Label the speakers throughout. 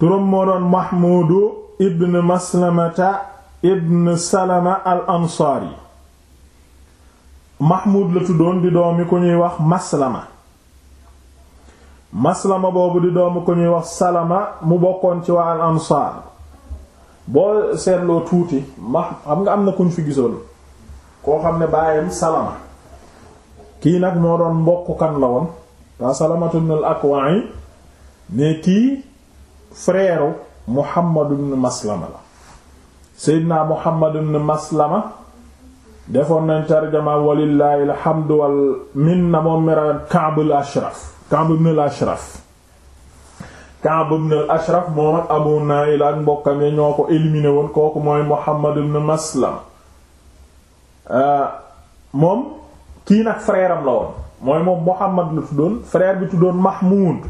Speaker 1: turam moo doon mahmuudu ibn maslamata ibn salama al ansaari mahmuud la tuddoon di doomi ku ñuy wax maslama maslama boobu di doomi ku ñuy wax salama mu bokkoon ci waa al ansaar boo seetloo tuuti ma xam nga am na kuñ fi gisoon koo xam ne baayam salama kii nag moo doon mbokk kan la woon waa salamatu ibn al akwa'i ne kii frère Muhammad ibn Maslama la Seydina Muhammad ibn Maslama defoon nañ tarjama walillahi alhamdu wal minna moom mera Ka'b Ashraf Ka'b ibn Ashraf Ka'b ibn Ashraf moom ak Abu Nail ak mbokkam ya ñoo ko éliminé woon kooku mooy Muhammad ibn Maslama euh, moom kii nag frère la woon mooy moom Muhammad la tuddoon frère bi tuddoon Mahmoud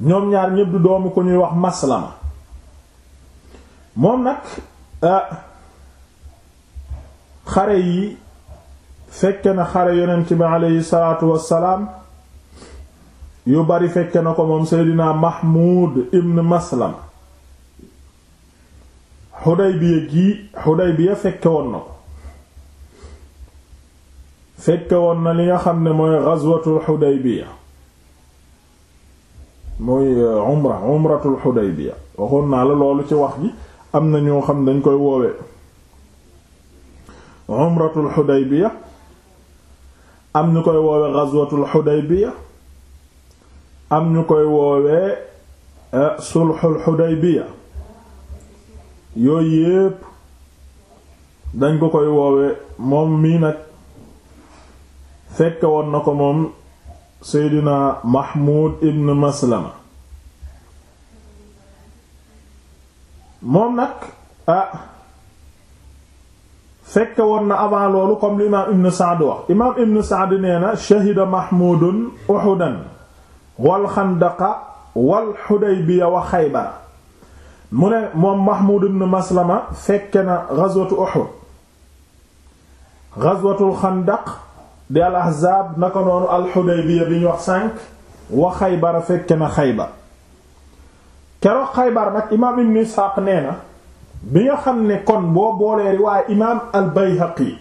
Speaker 1: ñoom ñaar ñëpp du doomu ko ñuy wax maslama moom nag euh, xare yi fekke na xare yonent bi aleyhi salaatu wassalaam yu bari fekke na ko moom seydinaa mahmud ibn maslama xudaybiya gii xudaybiya fekke woon na ko fekke woon na li nga xam ne mooy ghazwatul xudaybiya mooy euh, umra umratul Hudaybiya waxoon naa la loolu ci wax ji am na ñoo xam dañ koy woowe umratul Hudaybiya am ñu koy woowe ghazwatul Hudaybiya am ñu koy woowee euh, sulhul Hudaybiya yooyu yépp dañ ko koy woowe moom mii nag fekk woon na ko moom seydina mahmud ibn maslama moom nag ah fekk woon na avant loolu comme l'imam ibn saad wax imam ibn saad nee na shahida mahmudun uhudan wal xandaqa wal xudaybiya wa xaybara mu ne moom mahmud ibn maslama fekk na ghazwatu uhud ghazwatul xandaq di al na ko noonu al xudaybiya bi ñu wax sànq wa xaybara na xaybar keroog xaybar nag imaam ibn Isxaaq nee na bi nga xam ne kon boo boolee riwaaya imaam al bayhaqi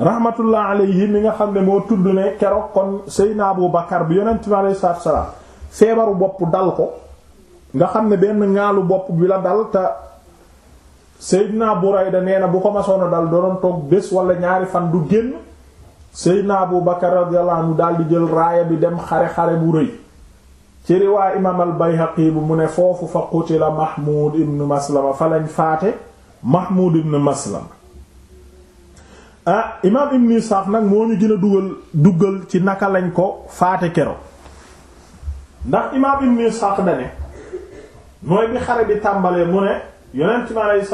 Speaker 1: rahmatullah alayhi mi nga xam ne moo tudd ne keroog kon Seydina Abu Bakar bi yonent bi alayhi salaatu salaam feebaru bopp dal ko nga xam ne benn ŋaalu bopp bi la dal te Seydina Burayda nee na bu ko masoon dal doon toog bés wala ñaari fan du génn. seydna abu bakar radiyallahu daldi jël raaya bi dem xare-xare bu rëy ci riwaay imaam al bayhaqi bu mu ne foofu fa qutila mahmud ibn maslama fa lañ faate mahmud ibn maslama ah ibn isxaaq nag moo ñu gën dugal dugal ci naka lañ ko faate kero ndax imaam ibn isxaaq dane mooy bi xare bi tàmbalee mu ne yonent mi aleyhi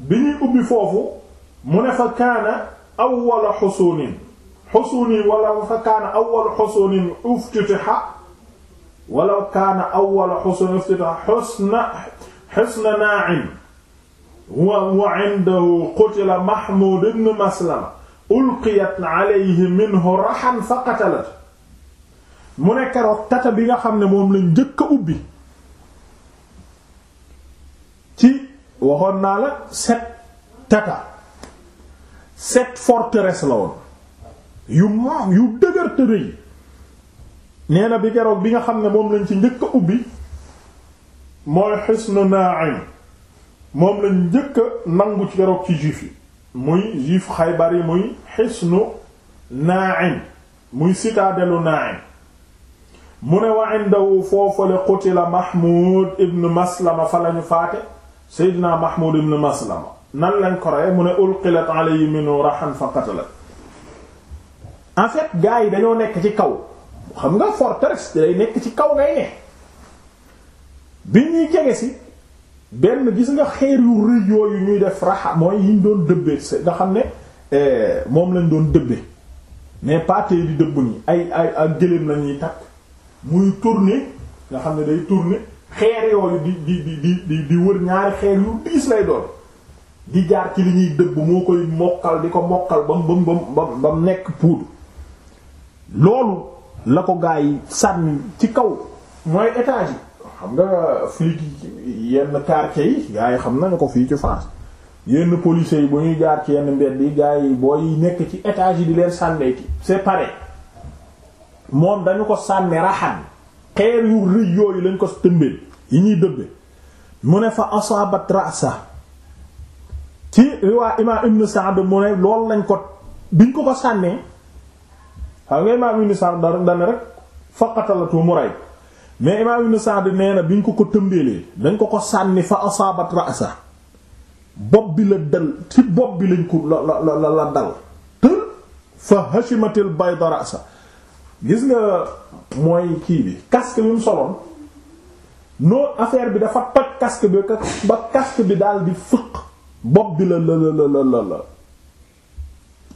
Speaker 1: bi ñuy ubbi foofu mu ne fa kaana awwala xusuunin xusuunin wala fa kaana awwala xusuunin uftutiha wala kaana awwala xusuunin uftutiha xusna xusna naa'im wa indahu qutila Mahmuud ibn Maslama ulqiyat alayhi minhu rahan fa qatalat mu ne keroog tata bi nga xam ne moom lañ njëkk a ubbi ci waxoon naa la set tata set forteresses la woon yu moom yu dëgër te rëy nee na bi keroog bi nga xam ne moom lañ ci njëkk ubbi mooy Hisnu Naim moom lañ njëkka a nangu ci keroog ci juif yi muy juif Xaybar yi muy Hisnu Naim muy citadelle Naim mu ne wa indahu foofale qutila Mahmud ibn Maslama fa lañu faate Seydina Mahmud ibn Maslama nan lañ ko mu ne ulqilat alayhi minhu rahan fa qatalat en fait gars yi dañoo nekk ci kaw xam nga forteresse day nekk ci kaw ngay ne bi ñuy jege si benn gis nga xeer yu rëy yooyu ñuy def raxa yiñ doon dëbbee nga xam ne eh, moom lañ doon dëbbee mais pate di dëbb ñi ay ay ak gëléem lañuy takk muy tourner nga xam ne day tourner xeer yooyu di di di di di wër ñaari xeer yu diis lay doon di jaar ci li ñuy dëbb moo koy mokkal di ko mokkal ba mu ba mu nekk poudre loolu la ko gaa yi sànni ci kaw mooy étage xam nga flic yenn quartier yi gaa yi xam nañu ko fii ci France yenn policiers yi bu ñuy jaar ci yenn mbedd yi gaa yi booy nekk ci étage yi di leen sànnee ki c'est pareil moom dañu ko sànni raxan xeer yu rëy yooyu lañ ko tëmbeel yi ñuy dëbbe mu ne fa asabat ra'sa ci riwaa imaam ibn Sa'd mu ne loolu lañ ko biñ ko ko sànnee xam nga imaam ibn Sa'd dara dana rek faqatalatu Murayb mais imaam ibn Sa'd nee na biñ ko ko tëmbeelee dañ ko ko sànni fa asaabat ra'sa bopp bi la dal ci bopp bi lañ ko la la la dal tër fa hashimatil bayda ra'sa gis nga mooy kii bi casque bi mu soloon non affaire bi dafa toj casque bi ba casque bi daal di fëq bopp bi la la la la la la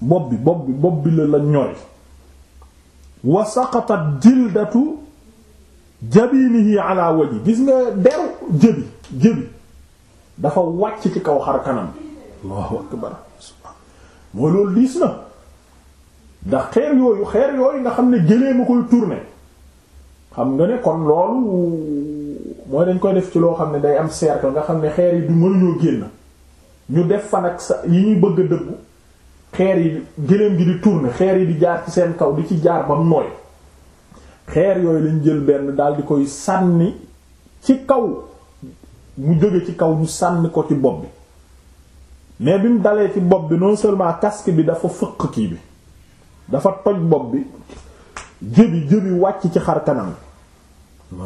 Speaker 1: bopp bi bopp bi bopp bi la la ñori wa saqatat jildatu jabinihi ala waji gis nga deru jëbi jëbi dafa wàcc ci kaw xar kanam allahu akbar mooy loolu diis na ndax xeer yooyu xeer yooyu nga xam ne jëlee ma koy tourner xam nga ne kon loolu mooy dañ koy def ci loo xam ne day am cercle nga xam ne xeer yi du mënuñoo génn ñu def fa nag sa yi ñuy bëgg a dëggu xeer yi gëléem gi di tourner xeer yi di jaar ci seen kaw di ci jaar bam nooy xeer yooyu lañ jël benn daal di koy sànni ci kaw mu jóge ci kaw ñu sànni ko ci bopp bi mais bi mu dalee ci bopp bi non seulement kaski bi dafa fëq kii bi dafa toj bopp bi jëbi jëbi wàcc ci xar kanam bi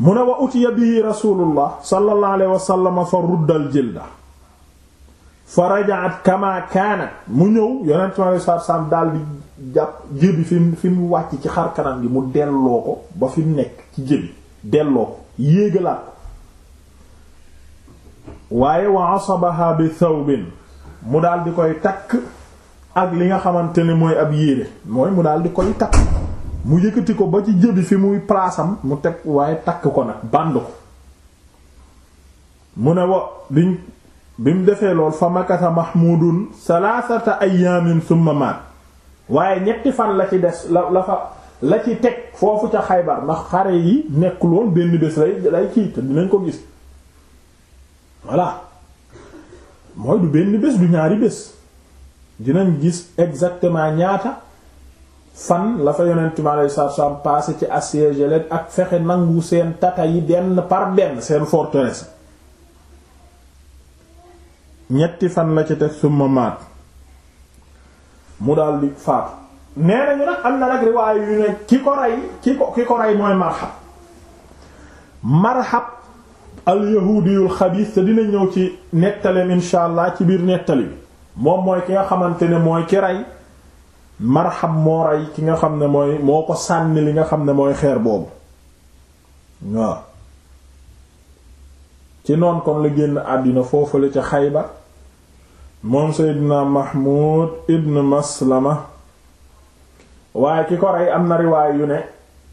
Speaker 1: mu ne wa utiya bihi rasulullah sallallahu alayhi fa ruddal jilda fa rajaat kama mu ñëw yonent mi alayhi salaam daal di jàpp jëbi fi mu fi wàcc ci xar kanam gi mu delloo ko ba fi nekk ci jëbi delloo yéegalaat ko waaye wa asabaha bi thawbin mu daal di koy takk ak li nga xamante ne mooy ab yéere mooy mu daal di koy takk mu yëkkati ko ba ci jëbi fi muy palaasam mu teg waaye takk ko nag bànd ko mu ne wa biñ bi mu defee lool fa makasa mahmudun salaasata ayaamin summa maat waaye ñetti fan la ci des la la fa la ci teg foofu ca xaybar ndax xare yi nekkul woon benn bés lay lay kii te dinañ ko gis voilà mooy du benn bés du ñaari bés dinañ gis exactement ñaata fan la fa yonent mi alayhi salaatu ci assiégé ak fexe nangu seen tata yi benn par benn seen forteresse ñetti fan la ci teg summa maat mu daal di faatu nee nañu nag am na nag riwaay yu ne ki ko rey mooy marxab marxab al xabiis te dina ñëw ci nettaleem insha allah ci biir nettali bi moom mooy ki nga xamante ne mooy ki rey marxam moo rey ki nga xam ne mooy moo ko sànni li nga xam ne mooy xeer boobu waaw ci noon kon la génn àddina foofale ca xayba moom Seydina Mahmoud ibn Maslama waaye ki ko rey am na riwaay yu ne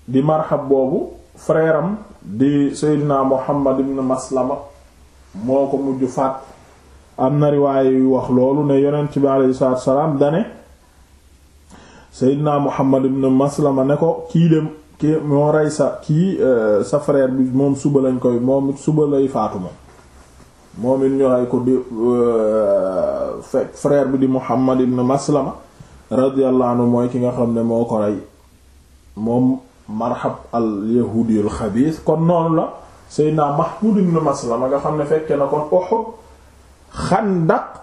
Speaker 1: di marxab boobu frère di di naa Muhammad ibn Maslama moo ko mujj faat am na riwaay yu wax loolu ne ci bi aleyhi salaam dane Seydina Muhammad ibn Maslama ne ko kii dem kii moo rey sa kii euh, sa frère bi moom suba lañ koy moom it suba lay faatu moom moom it ñu ay ko di euh, fekk bi di Muhammad ibn Maslama radiyallahu anhu mooy ki nga xam ne moo ko rey moom marhab al xabiis kon noonu la Seydina Mahmud ibn Maslama nga xam ne fekke na kon Uhud Xandaq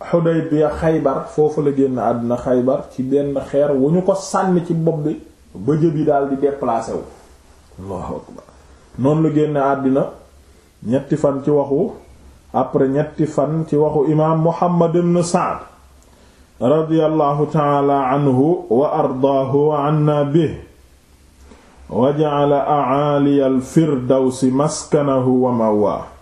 Speaker 1: Xudaybiya Xaybar foofu la génn àdduna Xaybar ci benn xeer wu ñu ko sànni ci bopp bi ba jëbi daal di déplacé wu Allahu akbar noonu la génn àddina ñetti fan ci waxu après ñetti fan ci waxu imaam Muhammad ibn Sa'd radiyallahu ta'ala anhu wa ardaahu wa anna bihi wa ja'ala a'ali al-firdawsi maskanahu wa mawaa